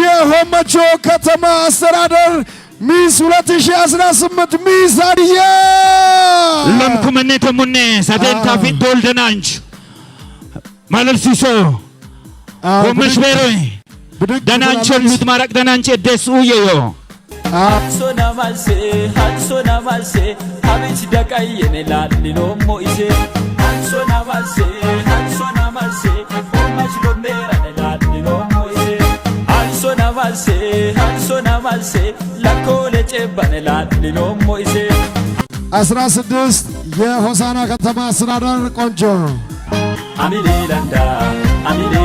የሆመቾ ከተማ አስተዳደር ሚስ 2018 ሚስ አድዬ ለምኩመኔ ተሙኔ ሰቴንታ ፊት ዶልደናንች ማለልሲሶ ሆመሽ ቤሮ ደናንቸል ሚት ማራቅ ደናንቸ ደስ ኡየዮ ሶና ማልሴ ሶና ማልሴ አቤች ደቀየኔ ላሊሎሞ ላልሴ ላኮሌ ጨባን ላልሊሎሞ ይሴ አስራ ስድስት የሆሳና ከተማ አስተዳደር ቆንጆ አሚሌ ለንዳ አሚሌ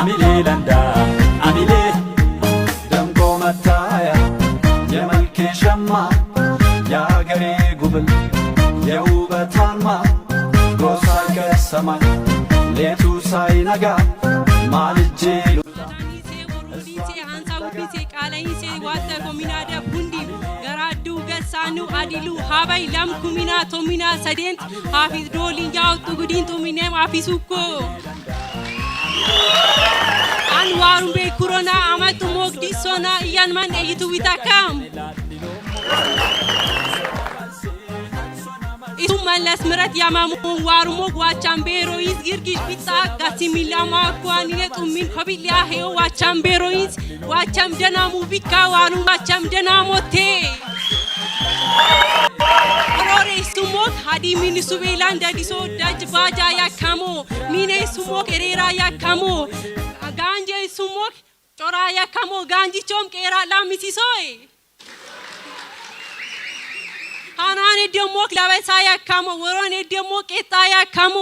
አሚሌ ለንዳ አሚሌ ደምቆ መታያ የመልኬ ሸማ የአገሬ ጉብል የውበት አልማ ጎሳ ከሰማይ ሌቱ ሳይነጋ ማልጄ ቢሴ አንሳው ቢሴ ቃለይሴ ዋተ ኮሚናደ ቡንዲ ገራዱ ገሳኑ አዲሉ ሀበይ ለም ኩሚና ቶሚና ሰዴንት ሀፊዝ ዶሊንጃው ጡጉዲን ጡሚኔም አፊሱኮ አንዋሩን ቤ ኩሮና አመጡ ሞግዲሶና እያንማን እይቱ ቢታካም ሀዲሱ መለስ ምረት የመሞን ዋሩሞ ዋቻምቤሮይዝ ግርጊሽ ቢጻ ጋሲሚላማ ኳኒነ ጡሚን ሀቢሊያ ሄዮ ዋቻምቤሮይዝ ዋቻም ደናሙ ቢካ ዋኑ ዋቻም ደናሞቴ ሮሬሱሞክ ሀዲ ሚኒሱቤላን ደዲሶ ደጅ ባጃ ያካሞ ሚኔሱሞክ ኤሬራ ያካሞ ጋንጄሱሞክ ጮራ ያካሞ ጋንጂቾም ቄራ ላሚሲሶይ አናን ደሞ ክላበሳ ያካሞ ወሮኔ ደሞ ቄጣ ያካሞ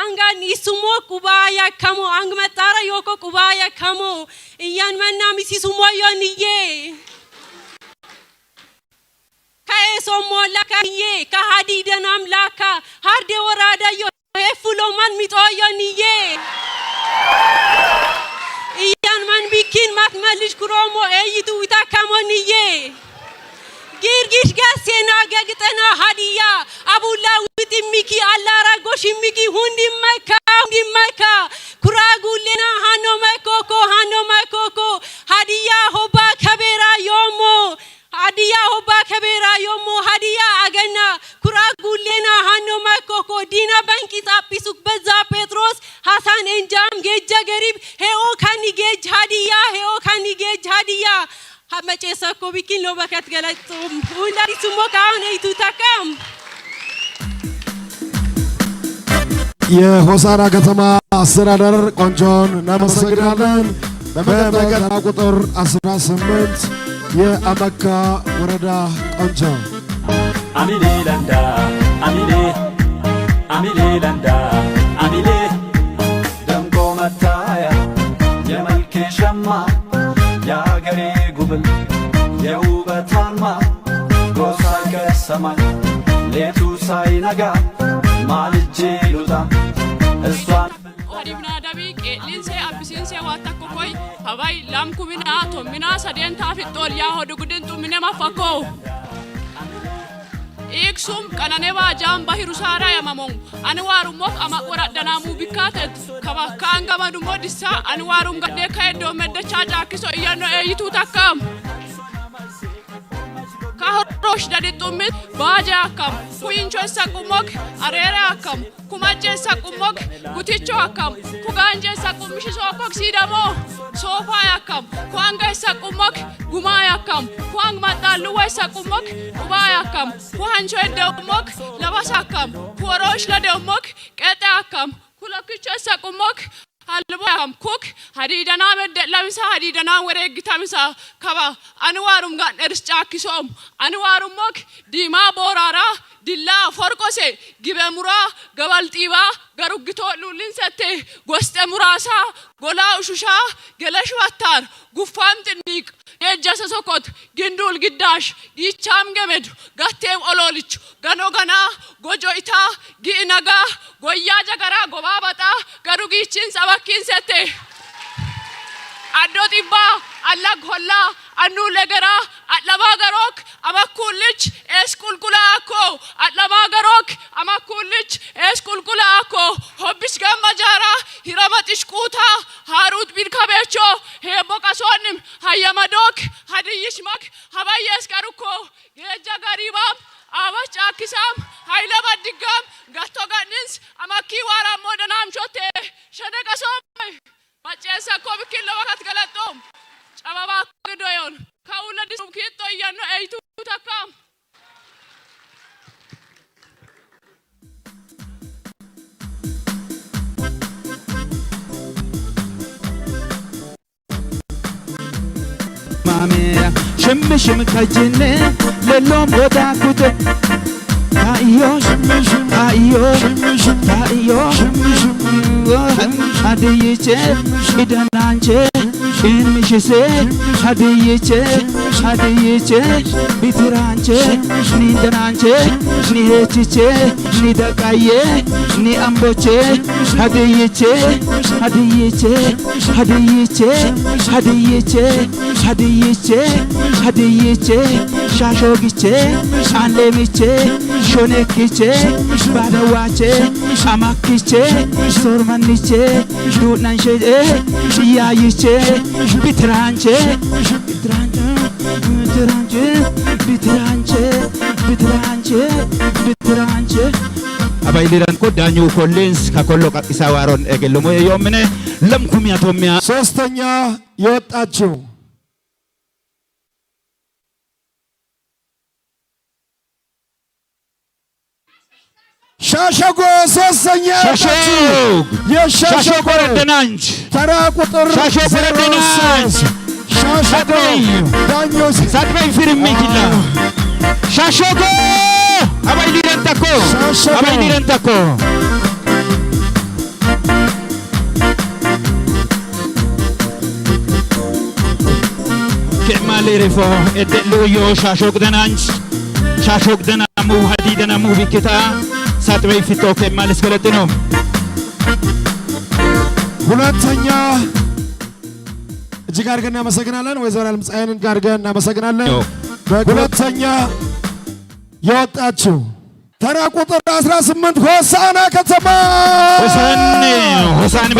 አንጋ ይሱሞ ቁባ ያካሞ አንግ መጣረ ዮኮ ቁባ ያካሞ እያን መና ሚሲሱሞ ዮንዬ ከኤሶሞላ ከዬ ከሀዲደን አምላካ ሀርዴ ወራዳ ዮ ሄፉሎማን ሚጦ ዮንዬ እያን ማን ቢኪን ማትመልሽ ኩሮሞ ኤይቱ ይታካሞንዬ ጊርጊሽ ጋሴና ገግጠና ሀዲያ አቡላ ሚኪ አላራጎሽ ሚኪ ሁንዲ ሁንዲ ሁንዲመካ የሆሳና ከተማ አስተዳደር ቆንጆን እናመሰግናለን። በመቀጠል ቁጥር 18 የአመካ ወረዳ ቆንጆ አሚሌ ለንዳ አሚሌ አሚሌ ለንዳ አሚሌ ደምቆ መታያ የመልኬ ሸማ የአገሬ ጉብል የውበት አልማ ጎሳ ከሰማይ ሌቱ ሳይነጋ ማልጄ ልውጣ እሷን ሀባይ ላምኩሚና ቶሚና ሰዴንታ ፊጦል ያ ሆድ ጉድንጡ ሚነማ ፈኮ ኢክሱም ቀነኔ ባጃም ባሂሩ ሳራ ያማሞን አንዋሩሞፍ አማቆራ ደናሙ ቢካተት ከባካን ገመዱሞ ዲሳ አንዋሩም ገዴ ከሄዶ መደቻ ጫኪሶ እየኖ ኤይቱ ተካም ahodosh daditummit baaja akkam kuyinchoessa qummok areera akkam kumajeessa qummok guticho akkam kugaanjeessa qummishi sookok siidamoo soofaay akkam kuangeessa qummok gumaay akkam kuang maxaalluweessa qummok qubaay akkam kuhanchoedde ummok labas akkam kuoroosh lade kete qexe akkam kulokkichoessa qummok አልቦ ያምኩክ ሀዲደና መደለምሳ ሀዲደና ወሬ ግታምሳ ከባ አንዋሩም ጋር እርስ ጫኪሶም አንዋሩም ሞክ ዲማ ቦራራ ዲላ ፎርቆሴ ግበ ሙራ ገባልጢባ ገሩግቶ ሉልን ሰቴ ጎስጠ ሙራሳ ጎላ ኡሹሻ ገለሽ ዋታር ጉፋም ጥኒቅ ጌጀሰ ሶኮት ግንዱል ግዳሽ ጊቻም ገመድ ጋቴም ኦሎልች ገኖ ገና ጎጆ ኢታ ጎያ ጀገራ ጎባ በጣ ገሩ ሰባኪን ሰቴ አዶ ጢባ አላግ ሆላ አኑ ለገራ አለባ ገሮክ አማኩልች ኤስቁልቁላ አኮ አለባ ገሮክ አማኩልች ኤስቁልቁላ አኮ ሆብሽ ገመ hiramatishkuuta haaruut bilkabeecho heemboqasoonnim hayyamadook hadiyishmak habayyees qarukko geejja gariibaam አበስ ጫኪሳም ሀይለ ባድጋም ገቶ ገንንስ አማኪ ዋራሞ ደናም ቾቴ ሸደቀሶም ማጨሰ ኮ ብኪን ለወራት ገለጦም ጨበባ ግዶዮን ከውለድ ኪጦ እያኖ ኤይቱ Shimshim kajine lelo moda kute Taiyo shimshim taiyo shimshim taiyo shimshim Hadiyiche idananche shimshise hadiyiche አድይቼ ቢትር አንቼ ሽኒ እንትን አንቼ ሽኒ ሄችቼ ሽኒ ደቃዬ ሽኒ አምቦቼ አድይቼ አድይቼ አድይቼ አድይቼ አድይቼ አድይቼ ሻሾግቼ አሌምቼ ሾኔክቼ ባደዋቼ አማክቼ ሶርመንቼ ዱናንሼ እያይቼ ቢትራንቼ ብትር አንቺ ብትር አንቺ ብትር አንቺ ብትር አባይሊራን ኮ ዳኙ ኮሌንስ ከኮሎ ቀጥሳ ዋሮን እገልሞ የዮምነ ለምኩም ያቶሚያ ሶስተኛ የወጣችው ሻሸጎ ሶስተኛ የሻሸጎ ረደናንች ተራ ቁጥር ሻሸጎ ረደናንች satbay firme killa shashoko abay diran takko abay diran takko kemale refo etellu yo shashok dananch shashok danamu hadi danamu bikita satbay fito kemale skeletino ሁለተኛ እጅግ አድርገን እናመሰግናለን። ወይዘሮ ዓለምፀሐይን እጅግ አድርገን እናመሰግናለን። ሁለተኛ የወጣችው ተራ ቁጥር 18 ሆሳና ከተማ ሆሳን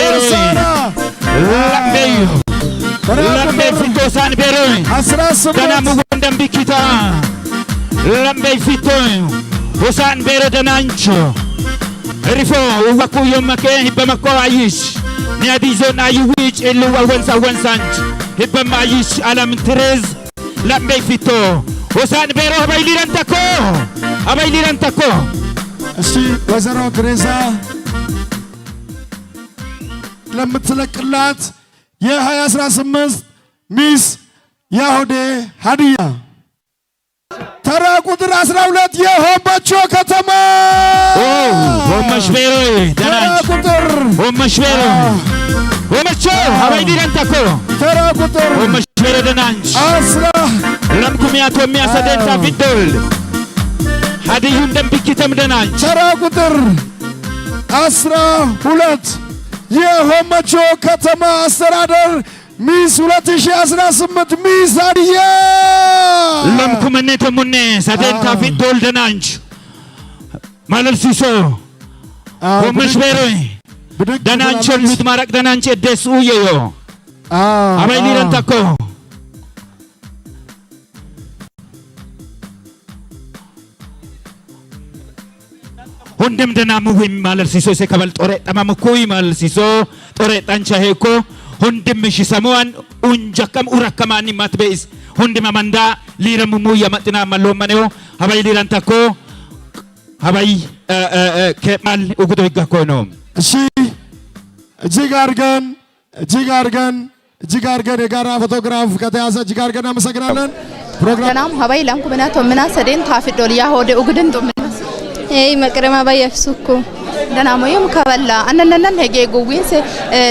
ቤሮ ደናንቾ ሪፎ ወኩ የመከ ይበመኮ አይሽ ኒያዲዞና ይዊጭ ኢልዋ ወንሳ ወንሳንች ሂበማይሽ አለም ትሬዝ ለሜ ፊቶ ወሳን ቤሮ አበይሊረን ተኮ አበይሊረን ተኮ እሺ ወይዘሮ ግሬዛ ለምትለቅላት የ2018 ሚስ ያሁዴ ሀዲያ ተራ ቁጥር 12 የሆባቾ ከተማ ወመሽ ቤሮ ደናኝ ተራ ቁጥር አስራ ሁለት የሆመቾ ከተማ አስተዳደር ሚስ 2018 ሚስ አድያ ለምኩመኔ ተሙኔ ሰደንታ ፊት ተወልደናንች ማለልሲሶ ሆመሽ ቤሮይ danaachoon nuti maraq danaache deessuu yeeyoo amaliidhan takko. hundem danaamu him maalalsiisoo isa kabal xoree dhamamu kuyi maalalsiisoo xoree dhancha heekoo hundem mishisamuwan unjakkam urakkamaan himmat be'is hundima mandaa liira mumuyya maxinaa malloommaneo habay liiran takkoo habay maal ugudo higga koynoom. እጅግ አድርገን እጅግ አድርገን እጅግ አድርገን የጋራ ፎቶግራፍ ከተያዘ እጅግ አድርገን አመሰግናለን። ፕሮግራም ሀባይ ላንኩምና ቶምና ሰዴን ታፍዶልያ ሆደ ኡግድን ቶምና ኤይ መቅረማ ባየፍሱኩ ደናሞየም ከበላ አነነነን ሄጌ ጉዊንሴ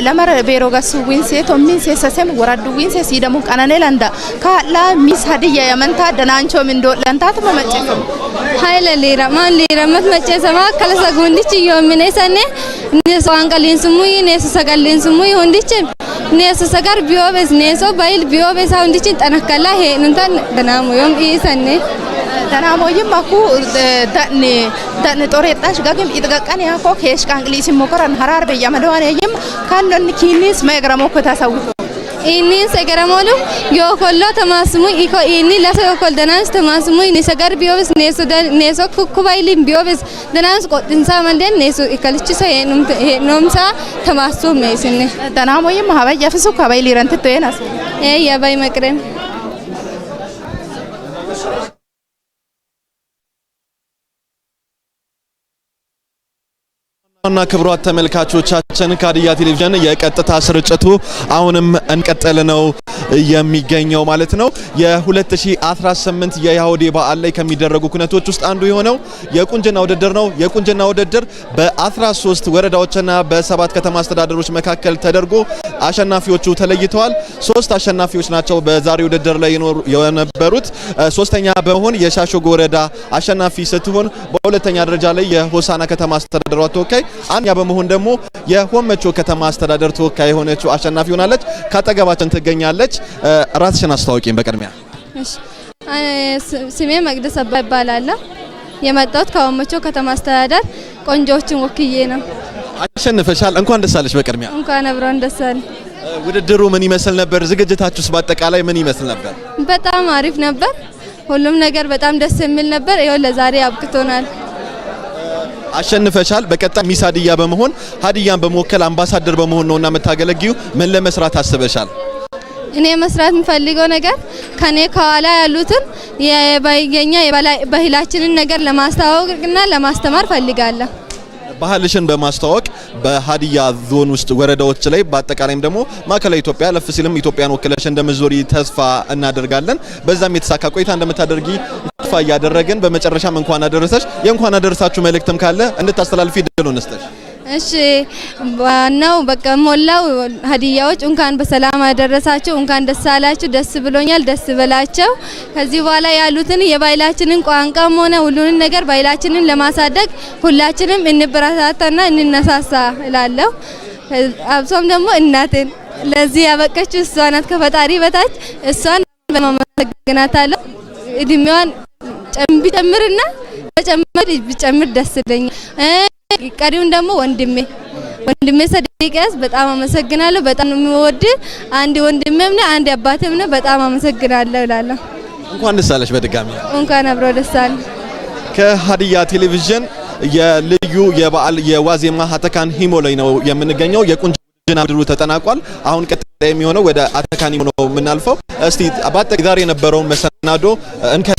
ለመረ ቤሮጋስ ዊንሴ ቶሚንሴ ሰሴም ወራዱ ዊንሴ ሲደሙ ቀነኔ ለንዳ ካላ ሚስ ሀዲያ የመንታ ደናንቾ ምንዶ ለንታት መመጭፈም ሀይለ ሌራ ማን ሌራ መት መጨሰማ ከለሰ ጉንዲች ዮሚኔ ሰኔ nees waan qalleensummuu neessisa qalleensummuu hundichi neessisa sagar biyoobees neessoo bayil biyoobeesaa hundichi xanakkala heenuntan danaamuyoom dhiisanne. Danaamoyyim akkuu danne danne xoreedhaas gagim itgaqan yaakoo keeshqaan qiliisimmoo koran haraar biyya madawaneeyyim kan nonni kiinnis meegramoo kutaa sawwitoo. inni segaramolu yoo kolloo tamasmu iko inni lasa koldanans tamasmu inni sagar biyoobis neeso neeso kukubailin biyoobis danans qotinsa manden neeso ikalichisa heenomsa tamassu meesinne danamo yimma habayyafisu kabailirantetto yenas ee bayi maqrem ዋና ክብሯት ተመልካቾቻችን ሀዲያ ቴሌቪዥን የቀጥታ ስርጭቱ አሁንም እንቀጠል ነው የሚገኘው ማለት ነው። የ2018 የያሁዴ በዓል ላይ ከሚደረጉ ኩነቶች ውስጥ አንዱ የሆነው የቁንጅና ውድድር ነው። የቁንጅና ውድድር በ13 ወረዳዎችና በሰባት ከተማ አስተዳደሮች መካከል ተደርጎ አሸናፊዎቹ ተለይተዋል። ሶስት አሸናፊዎች ናቸው በዛሬው ውድድር ላይ የነበሩት። ሶስተኛ በመሆን የሻሾጎ ወረዳ አሸናፊ ስትሆን በሁለተኛ ደረጃ ላይ የሆሳና ከተማ አስተዳደሯ ተወካይ፣ አንደኛ በመሆን ደግሞ የሆመቾ ከተማ አስተዳደር ተወካይ የሆነችው አሸናፊ ሆናለች። ካጠገባችን ትገኛለች። ራስሽን አስተዋውቂን በቅድሚያ። ስሜ መቅደስ አባ ይባላለሁ። የመጣሁት ከሆመቾ ከተማ አስተዳደር ቆንጆዎችን ወክዬ ነው። አሸንፈሻል። እንኳን ደስ አለሽ። በቅድሚያ እንኳን አብረን ደስ አለ። ውድድሩ ምን ይመስል ነበር? ዝግጅታችሁስ በአጠቃላይ ምን ይመስል ነበር? በጣም አሪፍ ነበር። ሁሉም ነገር በጣም ደስ የሚል ነበር። ይኸው ለዛሬ አብቅቶናል። አሸንፈሻል። በቀጣይ ሚስ ሀዲያ በመሆን ሀዲያን በመወከል አምባሳደር በመሆን ነውና የምታገለግዩ ምን ለመስራት አስበሻል? እኔ መስራት የምፈልገው ነገር ከኔ ከኋላ ያሉትን የባይገኛ የባህላችንን ነገር ለማስተዋወቅና ለማስተማር ፈልጋለሁ። ባህልሽን በማስተዋወቅ በሀዲያ ዞን ውስጥ ወረዳዎች ላይ በአጠቃላይም ደግሞ ማዕከላዊ ኢትዮጵያ ለፍ ሲልም ኢትዮጵያን ወክለሽ እንደምትዞሪ ተስፋ እናደርጋለን። በዛም የተሳካ ቆይታ እንደምታደርጊ ተስፋ እያደረግን በመጨረሻም እንኳን አደረሰሽ የእንኳን አደረሳችሁ መልእክትም ካለ እንድታስተላልፊ እድሉን እንስጥሽ። እሺ ዋናው በቃ ሞላው ሀዲያዎች እንኳን በሰላም አደረሳቸው እንኳን ደስ አላቸው ደስ ብሎኛል። ደስ ብላቸው። ከዚህ በኋላ ያሉትን የባህላችንን ቋንቋም ሆነ ሁሉንም ነገር ባህላችንን ለማሳደግ ሁላችንም እንበረታታና እንነሳሳ እላለሁ። አብሶም ደግሞ እናትን ለዚህ ያበቀችው እሷ ናት። ከፈጣሪ በታች እሷን በማመሰግናታለሁ። እድሜዋን ጨምር ጨምርና ተጨምር ጨምር ደስ ይለኛል። ቀሪውን ደግሞ ወንድሜ ወንድሜ ሰዲቅያስ በጣም አመሰግናለሁ። በጣም ነው የሚወድ አንድ ወንድሜም ነው አንድ አባቴም ነው። በጣም አመሰግናለሁ እላለሁ። እንኳን ደስ አለሽ በድጋሚ እንኳን አብሮ ደስ አለ። ከሀዲያ ቴሌቪዥን የልዩ የበዓል የዋዜማ ሀተካን ሂሞ ላይ ነው የምንገኘው። የቁንጅና ድሩ ተጠናቋል። አሁን ቀጣይ የሚሆነው ወደ አተካን ሂሞ ነው የምናልፈው። እስቲ አባጠ ዛሬ የነበረውን መሰናዶ እንከ